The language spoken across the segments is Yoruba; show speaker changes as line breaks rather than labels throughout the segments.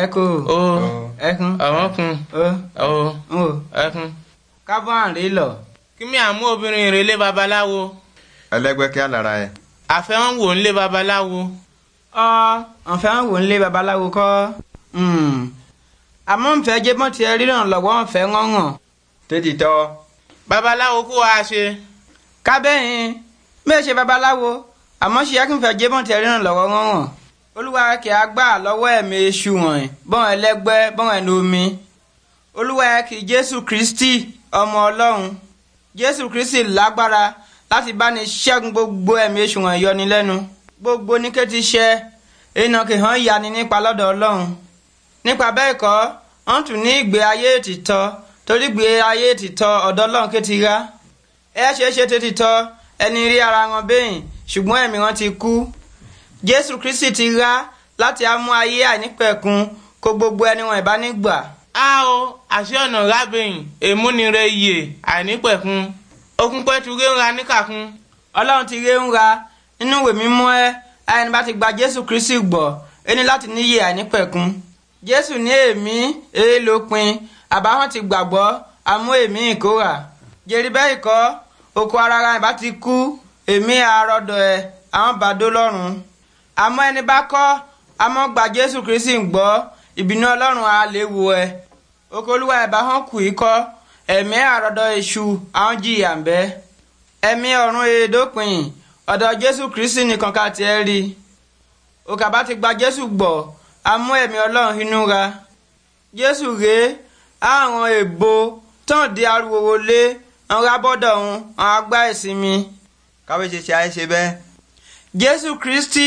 ẹkọ o ẹkún ọ̀wọ́nkun o o ẹkún. kábọ̀ àrè lọ. kí mi àmú obìnrin rẹ̀ lé babaláwo. ẹlẹgbẹkẹ alára ẹ. àfẹ́wọ́n wò ń lé babaláwo. ọ àfẹ́wọ́n wò ń lé babaláwo kọ́. Hmm. àmọ́ nfẹ́ jébọ́n tiẹ̀ ríràn lọ́wọ́ nfẹ́ ngọ́ngàn. tètè tọ́. babaláwo kó wa ṣe. kábẹ́yìn mẹ́ẹ̀ ṣe babaláwo àmọ́ ṣe é kí nfẹ́ jébọ́n tiẹ̀ ríràn lọ́wọ́ ngọ́ngàn olúwa kì í gbà lọ́wọ́ ẹ̀mí èṣù wọ̀nyí bọ́n ẹlẹ́gbẹ́ bọ́n ẹnu omi olúwa kì í jésù kristi ọmọ ọlọ́run jésù kristi lágbára láti bá ní ṣẹ́gun gbogbo ẹ̀mí èṣù wọ̀nyí yọni lẹ́nu gbogbo ní kété iṣẹ́ iná kì hàn yani nípa lọ́dọ̀ ọlọ́run nípa bẹ́ẹ̀ kọ́ wọ́n tún ní ìgbé ayé ètìtọ́ torí gbé ayé ètìtọ́ ọ̀dọ̀ ọlọ́run kété rá ẹ ṣeé ṣe tètè ẹni rí ara wọn bẹ́yìn ṣùgbọ́n ẹ̀mí wọn ti kú jésù kristi ti rá láti amú ayé àìnípẹ̀kun kó gbogbo ẹni wọn ìbánigbà. a o àṣẹ ọ̀nà rábìnrin èmúnire yè àìnípẹ̀kun okun pẹ̀tù réńra níkàkun. ọlọ́run ti réńra nínú ìwé mímọ́ ẹ ẹni bá ti gba jésù kristi gbọ́ ẹni láti níyè àìnípẹ̀kun. jésù ní èmi èé lópin àbáwọn ti gbàgbọ́ amú èmi ìkórà. jèrè bẹ́ẹ̀ kọ́ oko ara ara ìbá ti kú èmi àárọ̀dọ̀ ẹ̀ àwọn bàdó lọ́rùn àmọ́ ẹni bá kọ̀ àmọ́ gba Jésù Kristi ń gbọ́ ìbínú Ọlọ́run á lè wọ ẹ okòólúwa ẹ̀bá hàn kù í kọ́ ẹ̀mí àròdọ̀ èṣù àwọn jìyà ń bẹ ẹ̀mí ọ̀run èédópin ọ̀dọ̀ Jésù Kristi nìkan ká tiẹ̀ rí òkà bá ti gba Jésù gbọ́ àmú ẹ̀mí Ọlọ́run inú ra Jésù rèé àwọn èèbo tán di ariwo wọlé àwọn abọ́dọ̀ òun àwọn agbá ìsinmi. káwé ṣe ṣe àìṣe bẹ́ẹ̀. Jésù Kristi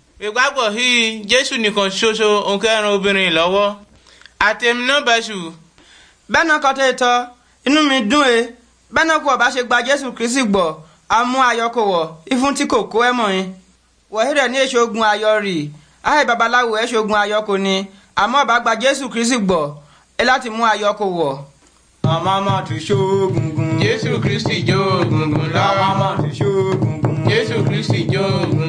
ìgbàgbọ́ yìí jésù nìkan ṣoṣo òǹkẹ́rin obìnrin lọ́wọ́ àtẹ̀mí náà bẹ̀ṣù. bẹ́ẹ̀ náà kọ́tẹ́ ìtọ́ inú mi dùn ẹ́ e. bẹ́ẹ̀ náà kó ọba ṣe gba jésù kristi gbọ́ àmú ayọkọ̀ wọ̀ tí kò kó ẹ̀ mọ̀ yín. wọ̀hí rẹ̀ ní èṣogun ayọ̀ rì áì babaláwo èṣogun ayọkọ̀ ni àmọ́ ọba gba jésù kristi gbọ́ ẹ láti mú ayọkọ̀ àmọ́ àmọ́ ti ṣóògùngùn. jésù kristi jó ògùngùn lọ́wọ́. àmọ́ àmọ́ ti ṣóògùngùn. jésù kristi jó ògùngùn.